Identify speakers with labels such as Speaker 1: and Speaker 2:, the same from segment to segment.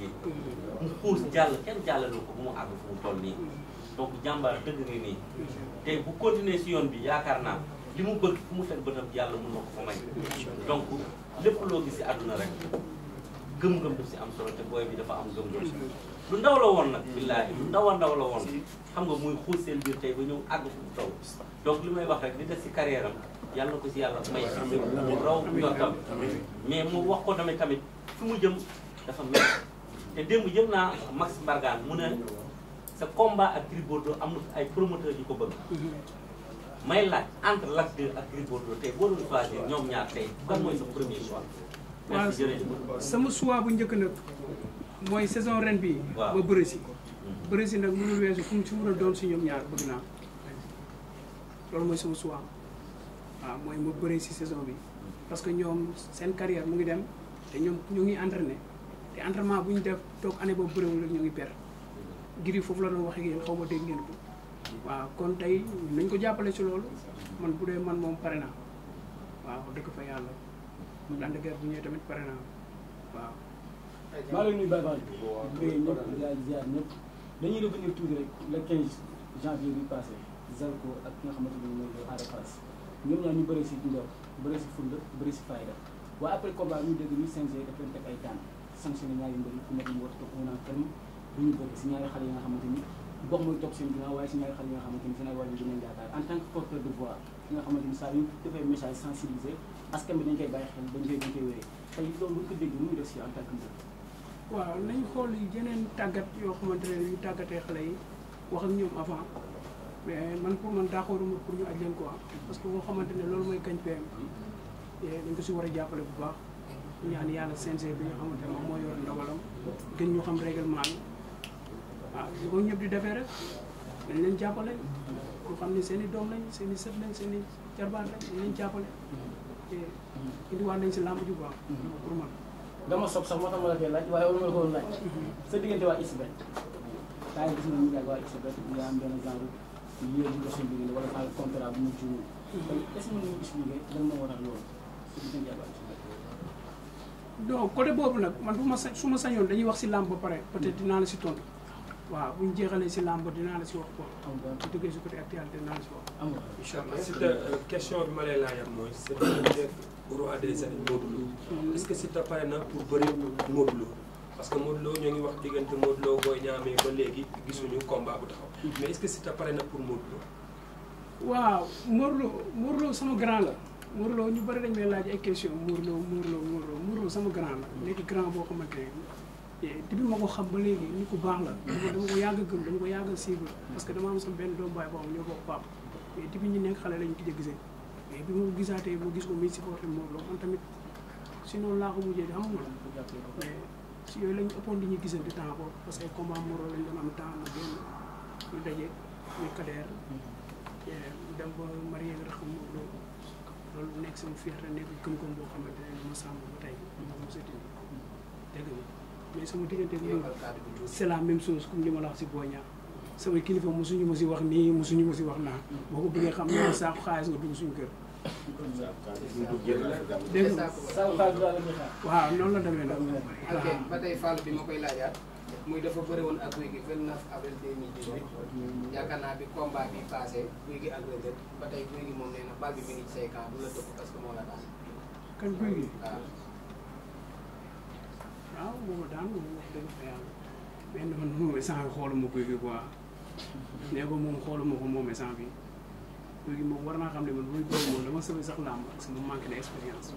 Speaker 1: fii mu xuus jàll kenn jàllalu ko bu mu àgg fu mu toll nii donc jàmbaar dëgg ni nii tey bu continuer si yoon bi yaakaar naa li mu bëgg fu mu fekk bëtam yàlla mun na ko fa may loo gis si àdduna rek gëm-gëm si am solo te booy bi dafa am gëm-gëm lu ndaw la woon nag billaahi lu ndaw a ndaw la woon xam nga muy ba ñëw àgg fu mu li may wax rek li des si carrière am ko si yàlla may raw njortam mais tamit tamit mu jëm dafa mel te démb naa Max Mbargane mu ne sa ak Gris
Speaker 2: ay promoteur yu ko bëgg mhm. may laaj entre
Speaker 1: Lac 2 ak Gris tey boo doon ñoom ñaar tey
Speaker 2: sama choix bu njëkk nag mooy saison ren bi ma bëri si mhm. bëri si nag weesu fu mu si mën a doon si ñoom ñaar bëgg naa loolu mooy sama choix waaw mooy ma bëri si saison bi parce que ñoom seen carrière mu ngi dem te ñoom ñu ngi entraîné te entrement bu ñu def toog année boobu bëriwul ñu ngi per giri foofu la doon wax xaw ma dégg ngeen ko kon tey nañ ko jàppale si loolu man bu dee man moom pare naa waaw dëgg fa yàlla mu ànd guerre bu ñëwee tamit pare naa waaw. maa ngi leen di nuyu Baye Fall di nuyu ñëpp di ziar ñëpp dañuy revenir tuuti rek le 15
Speaker 1: janvier bi passé Zarko ak ki nga xamante ne moom mooy Ada ñoom ñaar ñu bëri si Ndor bëri si Funda bëri si Fayda waaye après combat ñu dégg ñu CNG daf leen teg ay daan. sanctionné ñaari mbër yi ku nekk mu war a toog un an ferme bu ñu bokk si ñaari xale yi nga xamante ni gox mooy topp seen ginnaaw waaye si
Speaker 3: ñaari xale yi nga xamante ni seen ay waajur dinañ yaakaar en tant que porteur de voix ki nga xamante ni saa yu defee message sensibilisé
Speaker 2: askan bi dañ koy bàyyi xel dañ koy dañ koy wéree tey loolu bu ñu ko dégg xamante ne yi wax xamante ne loolu mooy gañ PM hmm. dañ ko si war a jàppale bu baax ñu ñaan yàlla CNG bi nga xamante moom moo yor ndogalam gën ñu xam règlement bi waaw ñu ko ñëpp di defee rek dañ leen jàppale ku xam ne seen i doom lañ seen i sët lañ seen i lañ jàppale te indiwaat nañ si làmb ju baax pour man dama sob sax moo tax ma la koy laaj waaye wala ma ko laaj mhm. sa diggante waa ISBET daa ngi gis na ñu yàgg waa ISBET nga am benn genre yéen ñu doxin diggante wala bu mu juum mhm. est-ce que mën nga expliquer lan moo waral loolu donc côté boobu nag man bu ma sa su ma sañoon dañuy wax si làmb ba pare peut-être hmm. dinaa la si tontu waaw bu ñu jeexalee si làmb dinaa la si wax ko su duggee si côté actualité dinaa la si wax. am na incha euh,
Speaker 1: question bi ma lay laajal mooy sa diggante hmm. est-ce que Siteu pare na pour bëri Modou parce que Modou Lo ñoo ngi wax diggante Modou Lo Boy ba léegi gisuñu combat bu taxaw hmm. mais est-ce que Siteu pare na pour Modou Lo.
Speaker 2: waaw Modou Lo sama grand la. muurloo ñu bëri dañ may laaj ay question muurloo muurloo muurloo muurloo sama grand la nekk grand boo xamante ne eh, depuis ma ko xam ba léegi ni ku baax la dama ko yàgg a gëm dama ko yàgg a suivre parce que dama am sama benn doomu baay boo xam ñoo ko paap mais depuis ñu nekk xale lañu gis a gisee mais bi ma ko gisaatee ma gis ko muy supporté muurloo man tamit si noonu laa ko mujjee di xam nga mais si yooyu lañu ëppoon di ñu gisante temps boobu parce que ay combat muurloo lañ doon am temps ma génn ñu daje ñu kadeer eh, dem ba marié nga xam muurloo loolu nekk sama fierté nekk gëm-gëm boo xamante ne ma sàmm ba tey mais sama diggante ak yow c'est la même chose comme li ma la wax si Boña sama mu mosuñu ma si wax nii mosuñu ma si wax naa boo ko bëggee xam ne saako xaalis nga dugg suñu kër. dégg nga waaw noonu la demee nag. ok ba
Speaker 3: tey Fallou bi muy dafa bëri woon ak guy gi 29 avril 2018 yaakaar naa bi combat bi passé guy gi ak ba tey guy gi moom nee na bal bi ngi ci say camp du la tëpp parce que moo la
Speaker 2: daan. kan guy gi waaw. waaw moom daan moom wax dëgg fa yàlla. mais man moom échange xooluma ko moom xooluma bi guy gi moom war naa xam ne man bu ma góob moom dama sëb sax làmb parce que mu manqué na expérience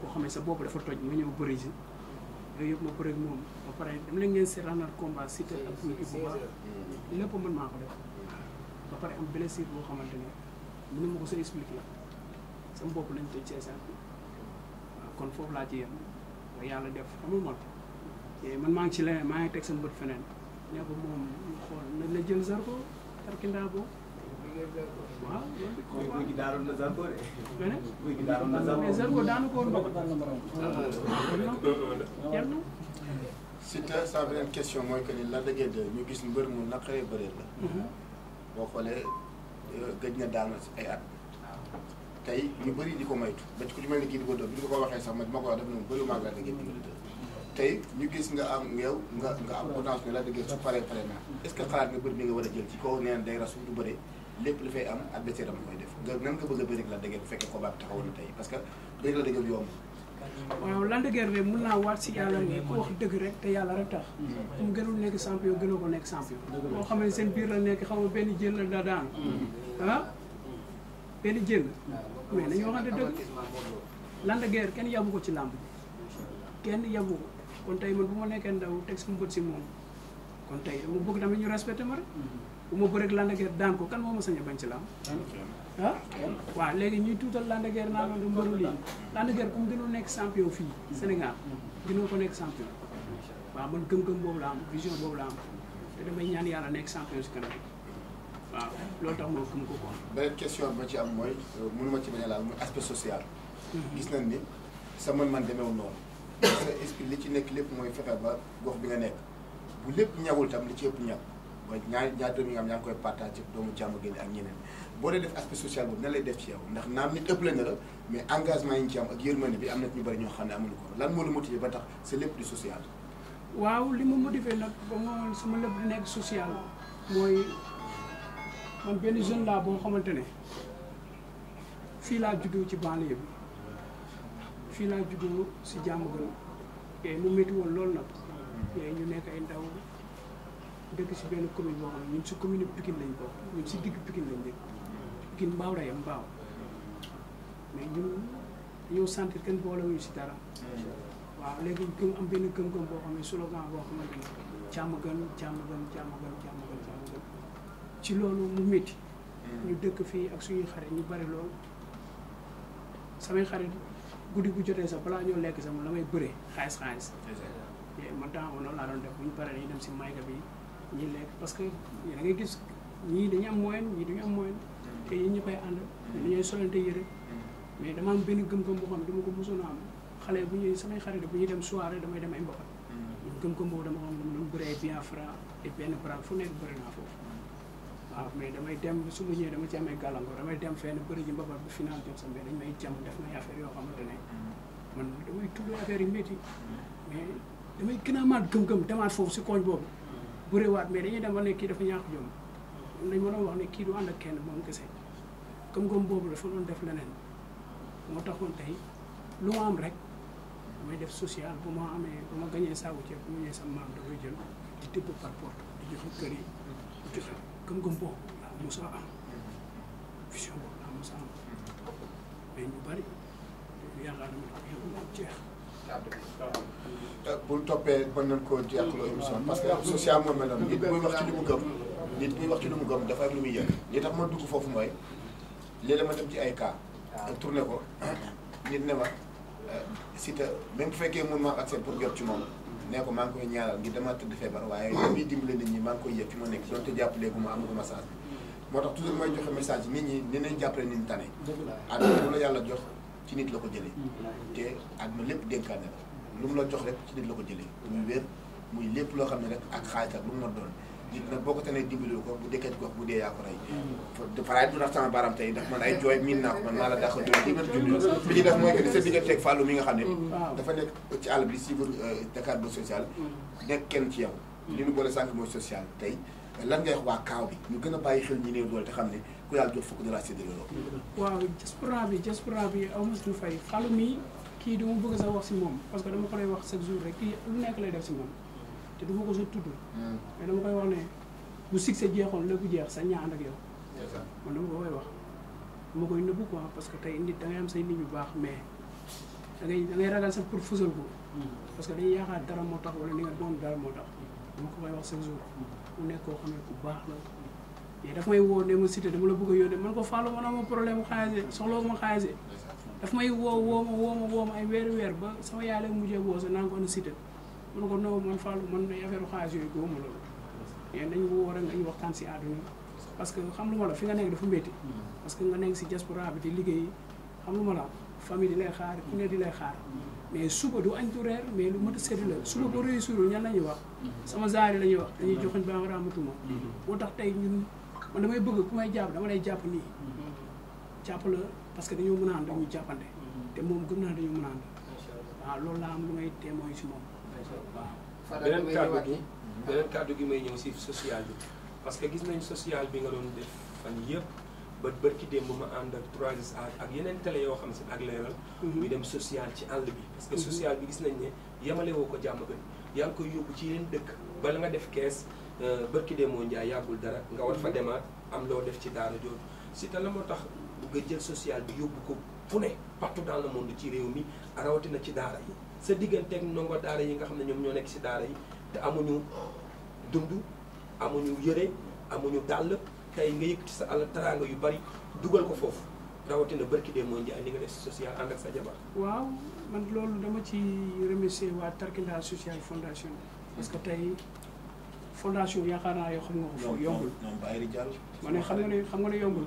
Speaker 2: boo xam ne sa bopp dafa toj nga ñëw bëri si. yooyu yëpp ma bëreeg moom ba pare dem leen ngeen si renal combat si ak ak nit bu baax lépp mën maa ko def ba pare am blessure boo xamante ne mënu ma ko sa expliqué la sama bopp lañ tëj CSAP waaw kon foofu laa ci yem ba yàlla def amul mal man maa ngi ci leneen maa ngi teg sama bët feneen ne moom xool na la jël Zarko tarkindaa boobu waaw loolu guy gi daaloon na na Zarko mais Zarko
Speaker 1: si te sa beneen question mooy que ni la dëggee de ñu gis mbër mu naqaree bëree la. boo xoolee euh, gëj na daanu si ay at. tey ñu bëri di ko maytu ba ci ku ci mel ni kii di bi ñu ko waxee sax man ma ko wax def na mu bëri maa ngi la dëggee tey ñu gis nga am yow nga nga am potentiel la dëggee su paree pare naa est ce nga bër bi nga war a jël ci kaw neen na day rasu du bëree. lépp lu fay am adversaire am koy def nga nan nga bëgg a bëri la dëgër bu fekkee combat bi taxawoon na tey parce que bëri la dëgër yomb.
Speaker 2: waaw lan dëgër de mun naa waat si yàlla ne ku wax dëgg rek te yàlla rek tax. Mm-hmm. mu gënul nekk champion gënu ko nekk champion. dëgg boo xam ne seen biir la nekk xaw ma benn jël la daa daan.
Speaker 4: Mm-hmm.
Speaker 2: ah benn jël. mais nañu waxante dëgg. lan dëgër kenn yabu ko ci làmb kenn yabu ko kon tey man bu ma nekkee ndaw teg sama bët si moom kon tey dama bëgg tamit ñu respecté ma bu ma bëreeg Lac de Guiers ko kan moo ma sañ a bañ ci lamb ah waaw léegi ñuy tuutal Lac de Guiers naa ma du mbëru lii Lac de gënoo nekk champion fii Sénégal gënoo ko nekk champion waaw man gëm-gëm boobu la am vision boobu la am te damay ñaan yàlla nekk champion si kanam waaw loolu tax moo gëm ko quoi
Speaker 1: beneen question bi ci am mooy euh, mënuma ci bañ a laal muy aspect social mhm. gis nañ ni sa mën-man demeewul noonu parce li ci nekk lépp mooy fexe ba gox bi nga bu lépp ñawul tam li ci yëpp ñaw mooy ñaari ñaari yi nga am yaa ngi koy partage ci doomu jàmm gi ak ñeneen boo dee def aspect social boobu nan lay def ci yow ndax naam nit ëpp la na la mais engagement yi ñu ci am ak yërmande bi am na ñu bëri ñoo xam ne ko lan moo la ba tax c'est lépp du
Speaker 2: waaw li ma motivé nag ba sama lépp di nekk social mooy benn jeune laa xamante ne fii laa juddoo ci banlieue bi fii laa juddoo si jàmm gën loolu nag mm. ñu nekk ay ndaw dëkk si benn commune boo xam ne ñun si commune Pikine lañ bokk ñun si digg Pikine lañ dëkk Pikine mbaaw la yem mbaaw mais ñun si dara waaw léegi gëm am benn gëm-gëm boo xam ne slogan boo xamante ne jàmm gën jàmm ci loolu mu métti ñu dëkk fii ak suñuy xarit ñu bari loolu samay xarit guddi bu jotee sax balaa ñoo lekk sax moom la may bëree xaalis xaalis man temps ono laa doon def bu ñu paree dañuy dem si mayka bi ñi lekk parce que da ngay gis ñii dañu am moyen ñii dañu am moyen te yéen ñëppay ànd dañuy solante yëre mais dama am benn gëm-gëm boo dama ko mosoon am xale bu ñuy samay xarit bu ñuy dem soirée damay dem ay mbapat mm. gëm-gëm boobu dama xam ne bëree Biafra et benn bras fu nekk foofu waaw mais damay dem su ma ñëwee dama ci amee gàllankoor damay dem fenn bëri ji mbapat bu final jot sama dañ may jam def may affaire yoo xamante ne mm. man damay tudd affaire yi métti mm. mais damay gën a amaat gëm-gëm demaat foofu si koñ boobu burewaat mais dañuy dem ba ne kii dafa ñaax jom dañ ma doon wax ne kii du ànd ak kenn moom kese gëm-gëm boobu dafa doon def leneen moo taxoon tey lu ma am rek damay def social bu ma amee bu ma gañee saabu ceeb bu ñëwee sama maam dafay jël di tibb par di joxe kër di joxe gëm-gëm boobu laa a am vision boobu laa mos a am bari yaakaar naa ne yow moom jeex.
Speaker 1: Euh, bul toppee mën nañ koo yàqloo émission parce que social moom mel noonu nit buy wax ci lu mu gëm nit buy wax ci lu mu gëm dafa am lu muy yëg li tax ma dugg foofu mooy léeg ma dem ci ay cas tourné ko nit ne ma euh, Siteu même bu fekkee mun ma accès pour jot ci moom nee ko maa ngi koy ñaanal ngir dama tëdd feebar waaye li muy dimbale nit ñi maa ngi koy yëg fi ma nekk doonte jàppale gu ma amul message moo tax toujours may joxe message nit ñi ni nañ jàppale nit ñi tane yàlla jox ci nit la ko jëlee te àdduna lépp dénkaane la lu mu la jox rek ci nit la ko jëlee muy wér muy lépp loo xam ne rek ak xaalis ak lu mu mën doon nit nag boo ko tanee dimbaloo ko bu dekkee gox bu dee yaa ko rey mm-hmm. faraay du tey ndax man ay jooy miin naa ko man maa la dàq jooy mm-hmm. xam ne mm-hmm. dafa nekk ci àll bi suivre euh, Dakar Buzz social nekk kenn ci yow li ñu boole sànq mooy social tey mais lan ngay wax waa kaaw bi ñu gën a bàyyi xel ñi néew doole te xam ne ku yàlla jox fukk de la séddale loolu
Speaker 2: waaw diaspora bi diaspora bi aw ma suñu fay xalu mi kii dama bëgg sa wax si moom parce que dama ko lay wax chaque lay def si moom te du ma ko sa hmm. koy wax ne bu succès jeexoon ku jeex sa ñaan ak yow man dama ko koy wax dama koy nëbbu quoi parce que tey nit da am say nit ñu baax mais da ngay da ngay ragal sax pour fësal ko hmm. parce que dañuy yaakaar dara moo tax wala ni nga doon dara moo tax dama ko koy wax chaque jour hmm. mu nekk koo xam ne ku baax la mais daf may woo ne ma cité dama la bëgg a man ko fàllu ma ne problème xaalis soxla ma xaalis daf may woo woo ay weeri weer ba sama yaay la mujjee woo sa naa ko ana cité man ko non man fàllu man affaire xaalis yooyu góobu ma loolu mais dañu woo rek dañu waxtaan si àdduna parce que xam lu ma la fi nga nekk dafa metti parce que nga nekk si diaspora bi di liggéey xam lu ma la famille di lay xaar ku ne di lay xaar mais suba du añ du reer mais lu mat a seetlu la suba ba réussir ñan la ñuy wax sama zaari la ñuy wax dañuy mm-hmm. joxoñ ba ramatuma mm-hmm. moo tax tey ñun man damay bëgg ku may jàpp dama lay jàpp nii mm-hmm. jàpp la parce que dañoo mun a ànd dañuy jàppande te moom gën naa dañoo mën a ànd waaw loolu laa am lu may témoin si moom waaw beneen kàddu gi beneen
Speaker 1: kàddu gi may ñëw si social bi parce que gis nañ social bi nga doon def fan yëpp ba bërki démb ma ànd ak 3 ak yeneen télé yoo xam si ak leeral ñu mhm. dem social ci àll bi parce que mhm. social bi gis nañ ne yemale ko jàmm gën yaa ngi koy yóbbu ci yeneen dëkk bala nga def kees euh, bërki démoo njaay yàggul dara nga war fa mhm. demaat am loo def ci daara jooju si te moo tax nga jël social bi yóbbu ko fu ne partout dans le monde ci réew mi rawatina ci daara yi sa digganteeg ndongo daara yi nga xam ne ñoom ñoo nekk si daara yi te amuñu dund amuñu yëre amuñu dàll tey nga yëkkati sa àll teraanga yu bari dugal ko foofu rawatina barki dee mooy njaay li ak sa
Speaker 2: jabar waaw man loolu dama ci remercier waa Tarkinda Social Fondation parce que tey fondation yaakaar naa yoo xam nga ko foofu yombul ma ne xam nga ne xam nga ne yombul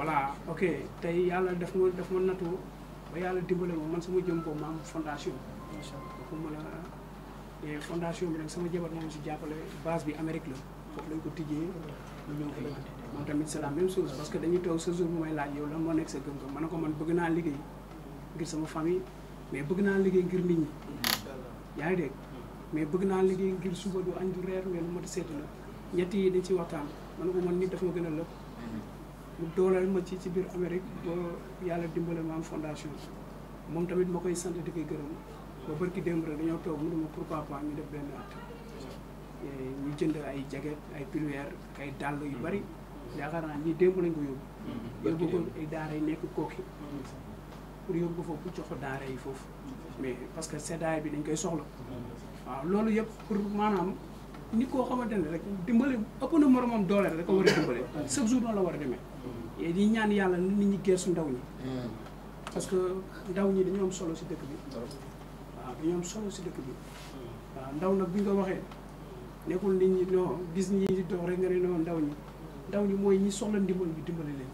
Speaker 2: voilà ok tey yàlla daf ma daf ma natoo ba yàlla dimbale ma man sama jëm boobu ma am fondation ko mën a fondation bi nag sama jabar moom si jàppale base bi Amérique la foofu lañ ko tijjee ñu ñëw moom tamit c'est la même chose parce que dañuy toog sa jour bu may laaj yow lan moo nekk sa gëm-gëm ma ne ko man bëgg naa liggéey ngir sama famille mais bëgg naa liggéey ngir nit ñi yaa ngi dégg mais bëgg naa liggéey ngir suba du añ du reer mais ñett yi dañ ci waxtaan ma ne ko man nit dafa ma gën a lëpp mu dooleel ma ci ci biir Amérique ba yàlla dimbale ma am fondation moom tamit ma koy sant di koy gërëm ba barki démb rek dañoo toog mu dama pour papa ñu def benn at ñu jënd ay jaget ay pulweer ak dàll yu bari mm-hmm. yaakaar naa ni démb lañ ko yóbbu mm-hmm. yóbbu ko daara yi nekk kooki mm-hmm. pour yóbbu ko foofu bu jox ko daara yi foofu mais parce que seddaay bi dañ koy soxla waaw loolu yëpp pour maanaam nit koo xamante ne rek dimbale ëpp na moromam doole rek ko war a dimbale chaque jour noonu la war a demee et ñaan yàlla nit ñi geesu ndaw ñi parce que ndaw ñi dañu am solo si dëkk bi waaw dañu am solo si dëkk bi waaw ndaw nag bi nga nekkul nit ñi non gis ñi di dox rek nga ne noonu ndaw ñi ndaw ñi mooy ñi soxla ndimbal bi dimbali leen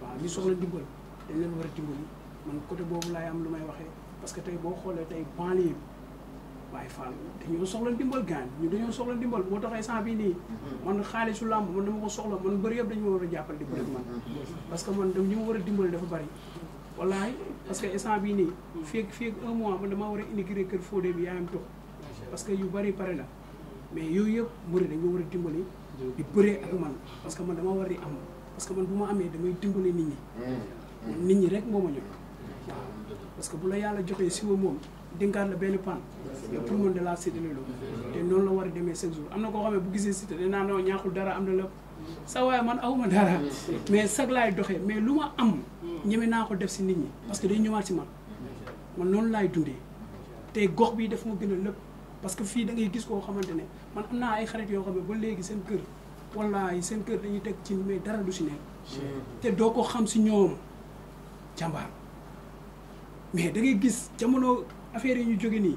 Speaker 2: waaw ñi soxla ndimbal dañ leen war a dimbali man côté boobu laay am lu may waxee parce que tey boo xoolee tey banlieue waaye Fall dañoo soxla ndimbal gaan ñu dañoo soxla ndimbal moo tax ay sant bii nii man xaalisu làmb man dama ko soxla man bëri yëpp dañu ma war a jàppal di bëri man parce que man dam ñu ma war a dimbali dafa bëri wallaay parce que instant bii nii feeg feeg un mois man damaa war a intégré kër Fodé bi yaayam toog parce que yu bari pare la mais yooyu yëpp mbëri dañoo war a dimbali. di bëree ak man parce que man dama war di am parce que man bu ma amee damay dimbali nit ñi. Hmm. nit ñi rek moo ma ñor. parce que bu la yàlla joxee si moom dénkaat la benn pan tout de la cité loolu te noonu la war a demee chaque am na koo xam ne bu gisee cité danaa noo ñaaxul dara am na lépp sa waaye man awuma dara hmm. mais sag laay doxee mais lu ma am hmm. ñeme naa ko def si nit ñi parce que day ñëwaat si man man noonu laay dundee te gox bi daf ma gën a lépp parce que fii dangay gis koo xamante ne man am naa ay xarit yoo xam ne ba léegi seen kër wallaay seen kër dañuy teg ci mais dara du si nekk. Mm-hmm. te doo ko xam si ñoom jàmbaar mais dangay ngay gis jamono affaire yi ñu jóge nii.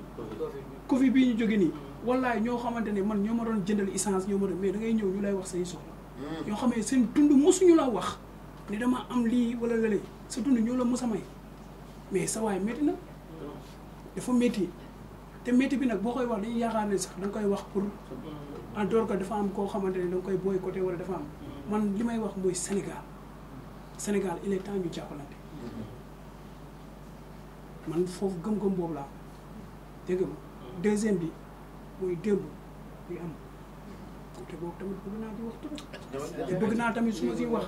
Speaker 2: Covid bii ñu jóge nii. wallaay ñoo xamante ne man ñoo ma doon jëndal essence ñoo ma doon mais dangay ñëw ñu lay wax say soxla. yoo mm-hmm. xam ne seen dund mosuñu la wax ne dama am lii wala lële sa dund ñoo la mos may mais sa waay métti na mm-hmm. dafa te métti bi nag boo koy wax dañuy yaakaar ne sax da koy wax pour en dehors dafa am koo xamante ne da koy booy boycotté wala dafa am man li may wax mooy Sénégal Sénégal il est temps ñu jàppalante man foofu gëm-gëm boobu laa dégg nga deuxième bi mooy démb li tamit bëgg naa tamit su ma si wax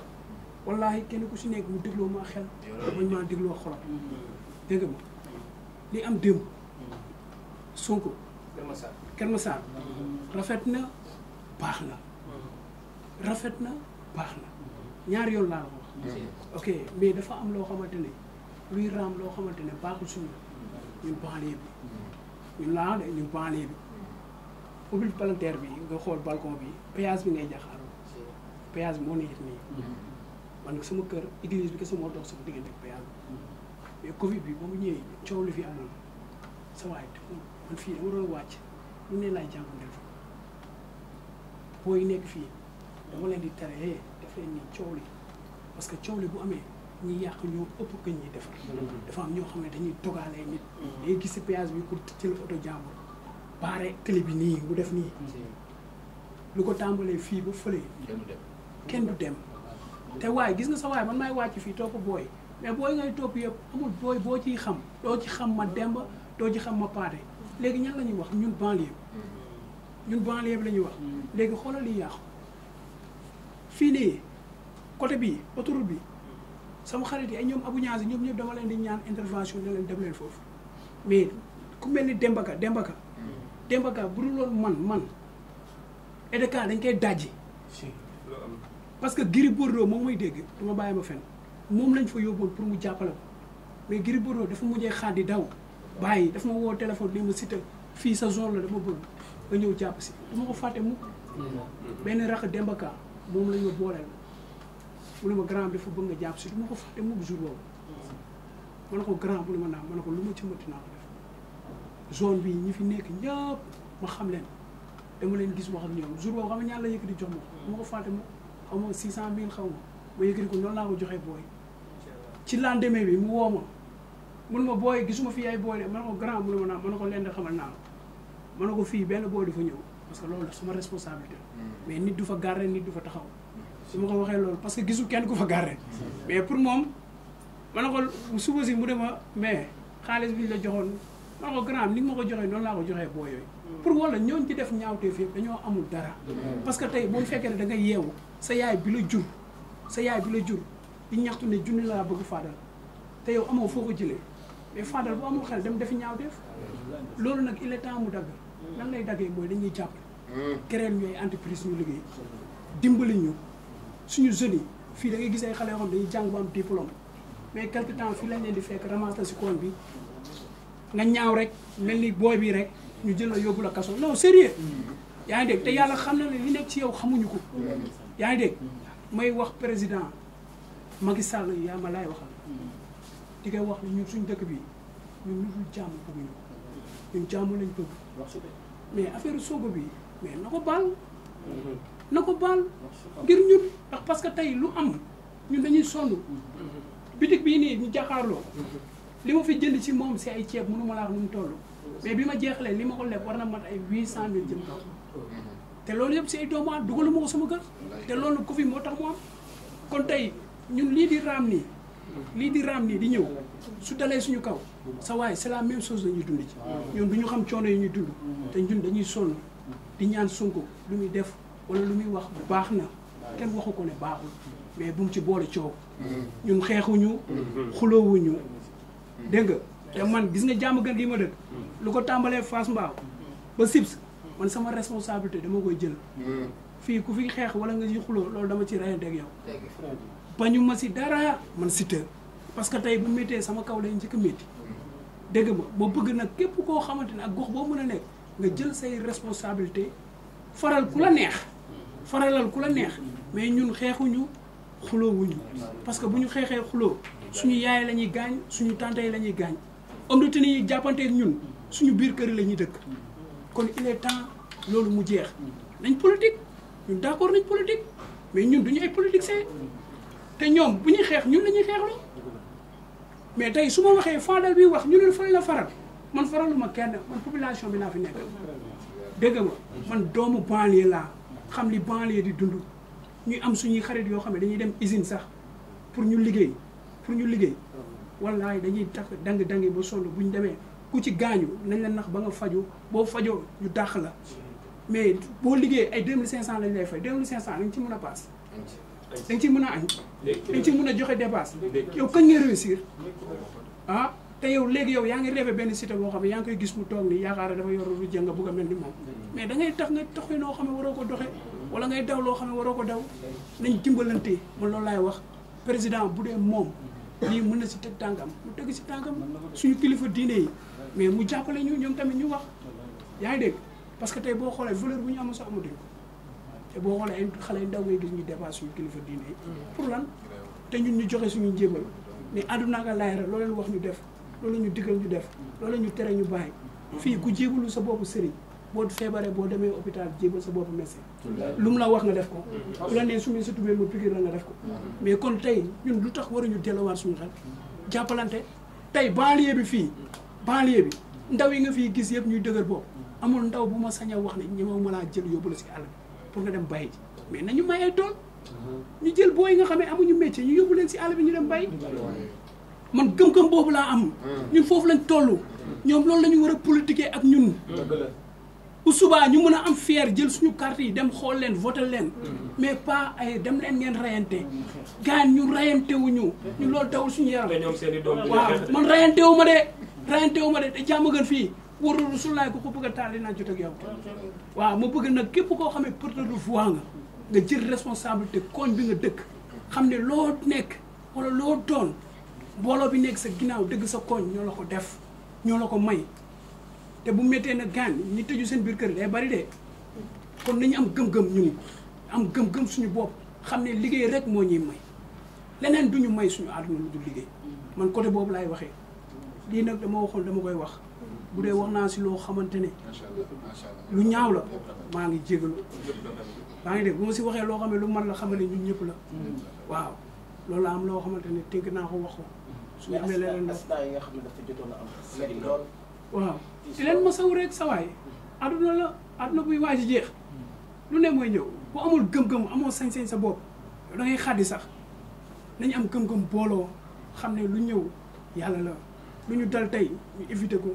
Speaker 2: wallaahi kenn ku si nekk mu dégloo ma xel bañ maa dégloo xolam dégg nga li am démb Sonko Kër Massar rafet na baax na rafet na baax na ñaari yoon laa wax ok mais dafa am loo xamante ne luy raam loo xamante ne baaxul suñu ñun banlieue bi ñun laa de ñun banlieue bi public volontaire nga xool balcon bi péage bi ngay jaxaar péage moo ne yëg nii man suma kër église bi kese moo dox sama diggante péage bi mais covid bi ba mu ñëwee coow lu fi amoon sa waay man fii dama doon wàcc lu ne laay jàngandeel fa booy nekk fii dama leen di tere hee eh, def nii coow li parce que coow li bu amee ñi yàq ñoo ëpp que ñuy defar. dafa am ñoo xam ne dañuy dogalee nit. day gis si péage bi pour jël oto jàmbur. baare télé bi nii mu def nii. lu ko tàmbalee fii ba fële. kenn du dem te waaye gis nga sa waay man maay wàcc fii topp booy mais booy ngay topp yëpp amul booy boo ciy xam doo ci xam ma demb doo ci xam ma paate. léegi ñan la ñuy wax ñun banlieue ñun banlieue bi la ñuy wax léegi xoolal li yàqu fii nii côté bii autoroute bi sama xarit yi ay ñoom abu ñaasi ñoom ñëpp dama leen di ñaan intervention ne leen dem leen foofu mais ku mel ni dembaka dembaka dembaka bu dul loolu man man EDK dañ koy dajji parce que Gris Bordeaux moom mooy dégg dama bàyyi ma fen moom lañ fa yóbboon pour mu jàppale ko mais Gris Bordeaux dafa mujjee xaar di daw bàyyi dafa ma woo téléphone ni ma Siteu fii sa zone la dama bëgg nga ñëw jàpp si dama ko fàtte mukk
Speaker 4: mm-hmm.
Speaker 2: benn rax dembaka moom la ñu ma booleel mu ne ma grand nga jàpp si du ma ko fàtte mukk bu mm-hmm. ne ma naam ma ne ko lu ma ci naa zone bi ñi fi nekk ñëpp xam leen dama leen gis wax ak ñoom jour boobu la yëkkati jox ma du ma ko fàtte mukk xaw ma six cent mille xaw ma ma ko noonu laa ko joxee booy ci lendemain bi mu woo ma mun ma booy gisuma fi ay booy de ma a ko grand mu ne ma naa ma ko leen di xamal naa ma ne ko fii benn booy dafa ñëw parce que loolu la suma responsabilité hmm. mais nit du fa garre nit du fa taxaw hmm. su ma ko waxee loolu parce que gisu kenn ku fa garre hmm. mais pour moom ma ne ko suba si mu ne ma mais xaalis bi ñu joxoon ma ne ko ni nga ma ko joxee noonu laa ko joxee booy yooyu pour wala ñooñ ci def ñaawtee fii dañoo amul dara parce que tey boo fekkee ne da nga yeewu sa yaay bi la jur sa yaay bi la jur di ñaxtu ne junni laa bëgg faadal te yow amoo foo ko jëlee mais Fadal bu amul xel dem defi ñaaw def loolu nag il est temps mu dagg lan lay daggee mooy dañuy jàpp hmm. créer ñooy entreprise ñu liggéey dimbali ñu suñu jeunes yi fii da ngay gis ay xale yoo xam dañuy jàng bu am diplôme mais quelque temps fii lañ leen di fekk ramasse si koñ bi nga ñaaw rek mel ni booy bi rek ñu jël la yóbbu la kaso non sérieux yaa ngi dégg te yàlla xam na ne li nekk ci yow xamuñu ko yaa ngi dégg hmm. may wax président Macky Sall yaa ma laay waxal di koy wax ne ñun suñ dëkk bi ñun lu dul jàmm bëgguñu ñun jàmm lañ bëgg mais affaire Sonko bi mais na ko baal mhm. na ko baal ngir ñun ndax parce que tey lu am ñun dañuy sonn mhm. bitig bii nii ñu jàkkaarloo mhm. li ma fi jënd ci moom si ay ceeb mënu ma laa wax nu mu toll mais bi ma jeexalee li ma ko lekk war na mat ay huit cent mille jëm te loolu yëpp si ay doomu aadama dugalu ma ko sama kër te loolu ko fi moo tax mu am kon tey ñun lii di raam nii lii di raam nii di ñëw su dalee suñu kaw sa waaye c'est la même chose ñuy dund ci ñoom du ñu xam coono yu ñuy dund te ñun dañuy sonn di ñaan Sonko lu muy def wala lu muy wax baax na kenn waxu ko ne baaxul mais bu mu ci boole coow ñun xeexuñu xuloowuñu dégg nga te man gis nga jàmm gën gi ma dëkk lu ko tàmbalee Fass Mbao ba Sibs man sama responsabilité dama koy jël mm. fii ku fi xeex wala nga ci xuloo loolu dama ci rayante ak yow bañu ma si dara man Siteu parce que tey bu méttee sama kaw lay njëkk a métti dégg ma ba bëgg nag képp koo xamante ne ak gox boo mën a nekk nga jël say responsabilité faral ku la neex faralal ku la neex mais ñun xeexuñu xuloowuñu parce que bu ñu xeexee xuloo suñu yaay la ñuy gaañ suñu tante yi lañuy gaañ homme de tenue yi jàppanteeg ñun suñu biir kër yi la ñuy dëkk kon il est temps loolu mu jeex nañ politique ñun d'accord nañ politique mais ñun du duñu ay politiciens te ñoom bu ñuy xeex ñun la ñuy xeexlu mais tey su ma waxee Fadel bi wax ñu ne fan la faral man faraluma kenn man population bi naa fi nekk dégg ma man doomu banlieue laa xam li banlieue di dund ñu am suñuy xarit yoo xam ne dañuy dem usine sax pour ñu liggéey pour ñu liggéey wallaay dañuy tax dang-dangi ba sonn bu ñu demee ku ci gaañu nañ la nax ba nga faju boo fajoo ñu dàq la mais boo liggéey ay 2500 lañ lay fay 2500 lañ ci mën a paas da nga ciy mën a añ da nga ciy a joxe dépasse yow kañ nga réussir ah te yow léegi yow yaa ngi rêvé benn cité boo xam ne yaa ngi koy gis mu toog ni yaakaar dafa yor lu jëng nga bëgg a mel ni moom mais da ngay tax nga doxee noo xam ne waroo ko doxe wala ngay daw loo xam ne waroo ko daw nañ dimbalante man loolu laay wax président bu dee moom lii mun na si teg tànkam mu teg si tànkam suñu kilifa diine yi mais mu jàppale ñu ñoom tamit ñu wax yaa ngi dégg parce que tey boo xoolee valeur bu ñu sax amatuñ ko te boo xoolee ay xale yu ndaw ngay gis ñu dépassé suñu kilifa diine yi. Mm. pour lan te ñun ñu joxe suñu njéemal ne àdduna nga laay rek loolu wax ñu def loolu ñu diggal ñu def loolu ñu tere ñu bàyyi. fii ku jéebalu sa boppu sëriñ boo feebaree boo demee hôpital jéebal sa boppu médecin. lu mu la wax nga def ko. Mm. nee su ma situbee ma piqûre la nga def ko. Mm. mais kon tey lu tax waruñu delluwaat suñu xel jàppalante tey banlieue bi fii banlieue bi ndaw yi nga fii gis yëpp ñuy dëgër bopp amul ndaw bu ma sañ a wax ne ñi ma mën a jël yóbbu la si àll bi pour nga dem bay ji mais nañu ñu ay tool ñu jël booy nga xam ne amuñu métier ñu yóbbu leen si àll bi ñu dem bay man gëm-gëm boobu laa am ñun foofu lañ toll ñoom loolu la ñu war a politiquer ak ñun bu subaa ñu mën a am fier jël suñu carte yi dem xool leen voté leen mais pas ay dem leen ngeen rayante gaan ñu rayante wuñu ñu loolu dawul suñu yaram
Speaker 1: waaw man rayante
Speaker 2: wu ma de rayante wu ma de jàmm gën fii wóor na sulaay ko ko bëgg a taal dinaa jot ak yow waaw ma bëgg nag képp koo xam ne porteur de voix nga nga jël responsabilité koñ bi nga dëkk xam ne loo nekk wala loo doon mbooloo bi nekk sa ginnaaw dëgg sa koñ ñoo la ko def ñoo la ko may te bu méttee na gaan ñi tëju seen biir kër day bari de kon nañu am gëm-gëm ñun gëm suñu bopp xam ne liggéey rek moo ñi may leneen du ñu may suñu àdduna lu dul liggéey man côté boobu laay waxee lii nag dama waxoon dama koy wax bu dee wax naa si loo xamante ne lu ñaaw la maa ngi jégalu maa ngi dégg bu ma si waxee loo xam ne lu man la xamal ne ñëpp la waaw loolu am loo xamante ne tënk naa ko wax ko su amee leneen la yi nga xam ne dafa jotoon a
Speaker 1: am lool
Speaker 2: waaw di leen ma saw sa sawaay adduna hmm. la adduna buy waaj jeex hmm. lu ne mooy ñëw bu amul gëm-gëm amoo sañ-sañ sa bopp yow da ngay sax nañu am gëm-gëm booloo xam ne lu ñëw yàlla la lu ñu dal tey ñu éviter ko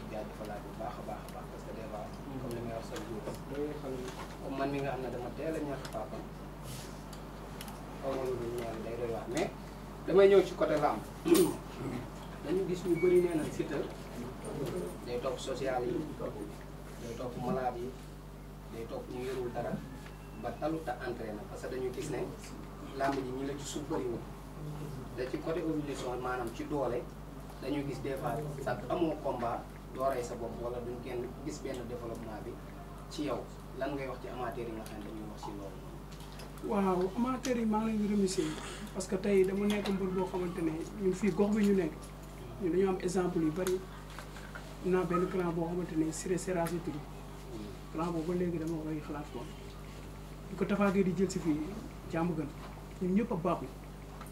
Speaker 3: jaajëfal laaj bu baax a baax a baax parce que des mm-hmm. man mi nga xam ne dama teel a ñàkk papa xaw ma mais damay ñëw ci côté lamb dañu gis ñu bëri nee na Siteu day topp social yi day topp malade yi day topp ñu yorul dara ba talut a entraîné parce que dañu gis ne lamb ji ñi la ci suuf bëriwul da ci côté évolution maanaam ci doole dañu gis des fois sax amoo combat doo rey sa bopp wala duñ kenn gis benn développement bi ci yow lan ngay wax ci amateur yi nga xam ne dañuy wax ci loolu.
Speaker 2: waaw amateur yi maa ngi leen di parce que tey dama nekk mbër boo xamante ne ñun fii gox bi ñu nekk ñun dañoo am exemple yu bari naa benn clan boo xamante ne Siré Sera si tudd clan boobu ba léegi dama koy xalaat ko di ko tafaagee di jël si fii jàmm gën ñun ñëpp a baaxu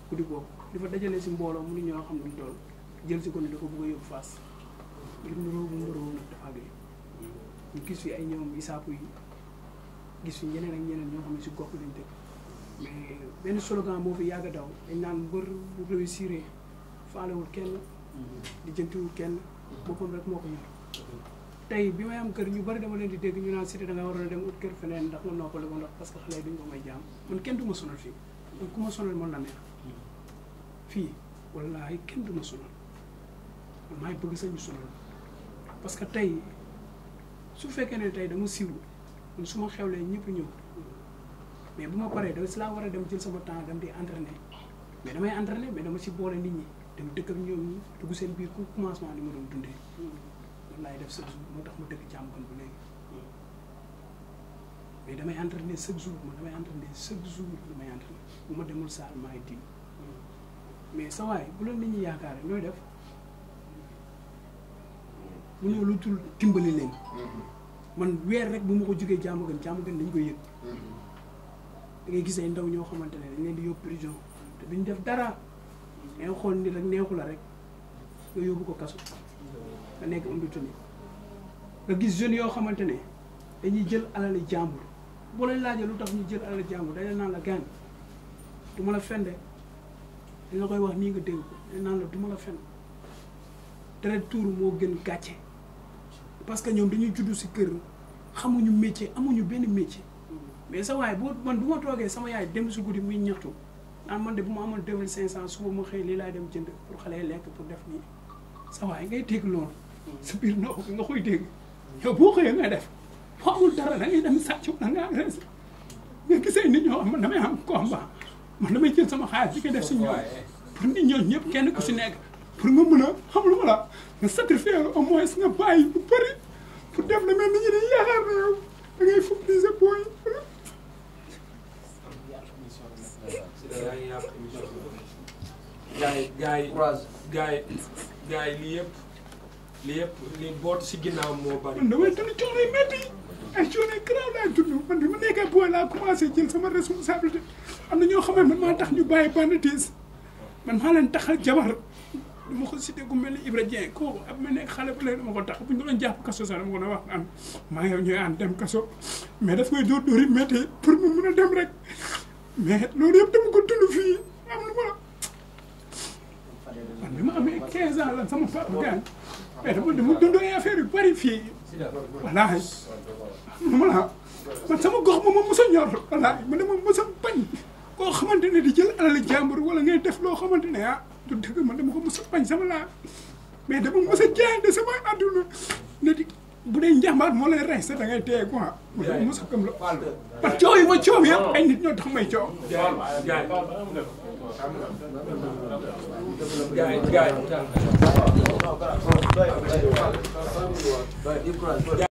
Speaker 2: guddi boobu dafa dajale si mbooloo mu doon jël si ko ni da ko bëgg a yóbbu ngir nuróo bu nuróo nag dafa gay ñu gis fi ay ñoom isaapu yi gis fi ñeneen ak ñeneen ñoo xam ne si gox lañ dëkk mais benn slogan moo daw dañ naan mbër bu réussir faalewul kenn di jëntiwul kenn boppam rek moo ko bi may am kër ñu bari dama leen di dégg ñu naan cité da nga waroon a dem ut kër feneen ndax nga noppale ko ndax parce que xale yi fii man ku ma sonal fii wallaahi kenn du ma sonal man maay bëgg sañu sonal parce que tey su fekkee ne tey dama siiw man su ma xewlee ñëpp ñëw mais bu ma paree da si laa war a dem jël sama temps dem di entraîner mais damay entraîner dama si boole nit ñi dem dëkk ak ñi dugg seen biir ku commencement li ma doon dundee loolu laay def chaque jour moo tax ma dëkk jàmban bu léegi mais damay entraîner chaque jour man damay entraîner chaque jour damay entraîner bu ma demul saal maay diim mais sa waay bu la nit ñi yaakaare nooy def mu ñëw lu tul dimbali leen mm-hmm. man weer rek bu ma ko jógee jàmm gën jàmm gën dañu koy yëg mm-hmm. da gis ay ndaw ñoo xamante ne dañ leen di yóbbu prison te duñ def dara ngay xool ni rek neexu la rek nga ko kaso nekk am gis jeunes yoo xamante ne dañuy jël alali jàmbur boo leen laajee lu tax ñu jël alali jàmbur dañ naan la gaañ du ma la fende dañ la koy wax nii nga dégg ko dañ naan la du ma la fen deret tuur moo gën gàcce parce que ñoom dañuy juddu si kër xamuñu métier amuñu benn métier mm. mais sa waay boo man bu ma toogee sama yaay dem si guddi muy ñaxtu naan man de bu ma amoon deux mille cinq cent suba ma xëy lii laay dem jënd pour xale yi lekk pour def nii sa waay ngay dégg loolu. Mm. si biir noo ko nga koy dégg. yow boo xëyee nga def boo amul dara da ngay dem sàcc da nga agressé nga gisee nit ñoo am man damay am combat man damay jël sama xaalis di ko def si ñoom pour nit ñooñu ñëpp kenn ku si nekk pour nga mën a xam lu la. nga satisfaire au moins nga bàyyi bu bëri pour dem la mel ni ñu ne yaakaar na yow da ngay fobiliser booy.
Speaker 1: gaa yi gaa yi yi gaa yi yëpp lii yëpp lii boot si ginnaaw moo bari. man damay
Speaker 2: dund coono yu métti ay coono yu garaaw laa dund man bi ma nekkee booy laa commencé jël sama responsabilité am na ñoo xam ne maa tax ñu bàyyi banditisme man maa leen taxal jabar. du ma ko cité ku mel ni Ibra Dieng kooku ab ma ne xale ba léegi dama ko tax bu ñu doon jàpp kaso sax dama ko doon wax maa ngi ñuy ànd dem mais daf koy dóor dóori métti pour mu mun a dem rek ko dund fii am lu ma man bi ma amee 15 ans lan sama papa gaañ mais affaire yu bari fii
Speaker 4: voilà nu ma la man
Speaker 2: sama gox ma ma mos a ñor voilà man dama mos a bañ koo xamante ne di jël alal jàmbur wala ngay def loo xamante ne ah du dëgg man dama ko mos a bañ sama laa mais dama mos a jaande sama àdduna ne di dee njàmbaar moo lay rey sa da ngay téye quoi. mu dama a ñoo
Speaker 1: tax may